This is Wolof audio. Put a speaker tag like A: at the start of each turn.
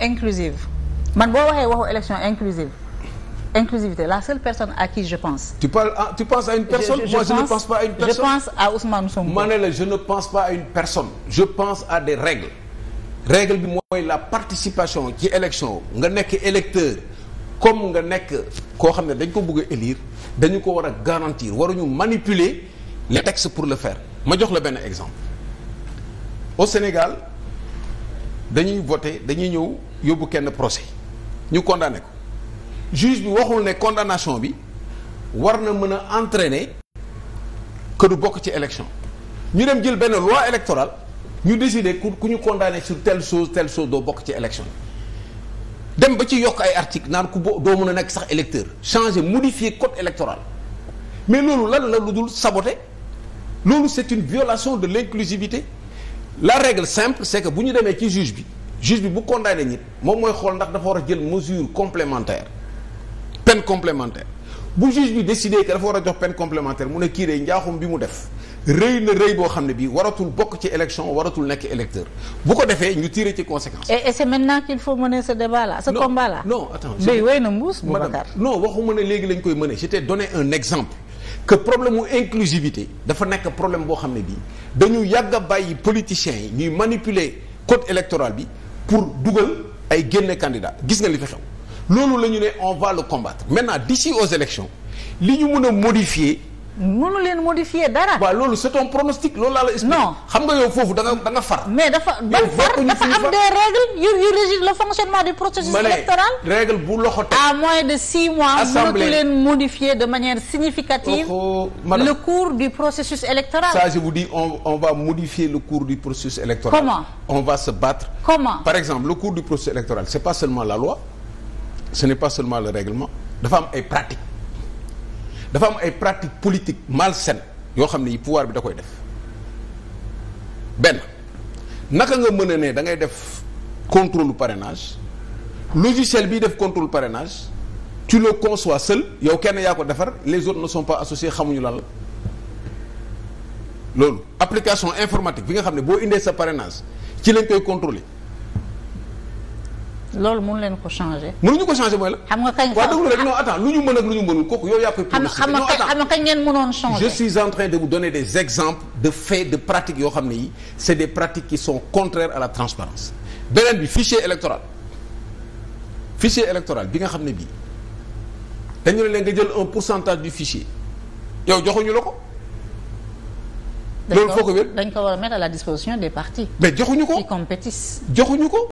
A: inclusive man boo waxee waxu élection inclusive inclusivité la seule personne à qui je pense. tu parles à, ah, tu penses à une personne. je, je, pense, à une personne. je pense à ne la je pense pas à une personne. je pense à des règles. règle bi mooy la participation ci élection nga nekk électeur comme nga nekk koo xam ne dañ ko bëgg a élire dañu ko war a garantir waruñu manipuler les textes pour le fair ma jox la benn exemple au Sénégal. dañuy voté dañuy ñëw yóbbu kenn procès ñu condamné ko juge bi waxul ne condamnation bi war na mën a entraîner que du bokk ci élection ñu dem jël benn loi électorale ñu décider ku ku ñu condamné sur telle chose telle chose doo bokk ci élection dem ba ci yokk ay article naan ku bo doo mën a nekk sax électeur changer modifier code électoral mais loolu lan la lu dul saboter loolu c'est une violation de l'inclusivité la règle simple c'est que bu ñu demee ci juge bi juge bi bu condamné nit moom mooy xool ndax dafa war a jël mesure complémentaire peine complémentaire bu juge bi décidé que dafa war a jox pen complémentaire mu ne kii de njaaxum bi mu def rëy na rëy boo xam ne bii waratul bokk ci élection waratul nekk électeur bu ko defee ñu tiré ci conséquence. et et c'est maintenant qu'il faut mener ce débat là ce waxuma ne léegi lañ koy mener j'étais donné un exemple. que problème mu inclusivité dafa nekk problème boo xam ne bii dañu yàgg a bàyyi politiciens yi ñuy manipuler code électoral bi pour dugal ay génne candidat gis nga li fi xew loolu la ñu ne on va le combattre di d'ici aux élections li ñu mën a modifier mënu leen modifier dara. waaw loolu c'est un pronostic loolu laa la expliqué. non xam nga yow foofu da nga da nga far. mais dafa ban far dafa am des règles yu yu régissent le fonctionnement du processus électoral. règle bu loxo temps à moins de six mois. assemblée mënatu leen modifier de manière significative. le cours du processus électoral. ça on on va modifier le cours du processus comment on va se battre. comment par exemple le cours du processus électoral c'est pas seulement la loi ce n'est pas seulement le règlement dafa am ay pratiques. dafa am ay pratiques politiques malsaines yoo xam ne yi pouvoir bi da koy def benn naka nga mën a ne da ngay def contrôle parrainage logiciel bi def contrôle parenage tu le conçois seul yow kenn yaa ko defar les autres ne sont pas associés xamuñu lan la loolu application informatique bi nga xam ne boo indee sa parenage ci lañ koy contrôler loolu mun leen ko changer. mënuñu ko changer mooy la. xam nga kañ waaw déglu rek non attends lu ñu mën ak lu ñu mënul kooku yow yaa koy. pronostic non attends xam nga kañ ngeen mënoon changer. je suis en train de vous donner des exemples de faits de yoo xam ne est des pratiques qui sont contraires à la beneen bi fichier électoral fichier électoral bi nga xam ne bii dañu leen nga jël un pourcentage du fichier yow joxuñu la ko. loolu foo ko wér dañ ko war a mettre à la disposition des parti mais joxuñu ko qui compétissent joxuñu ko.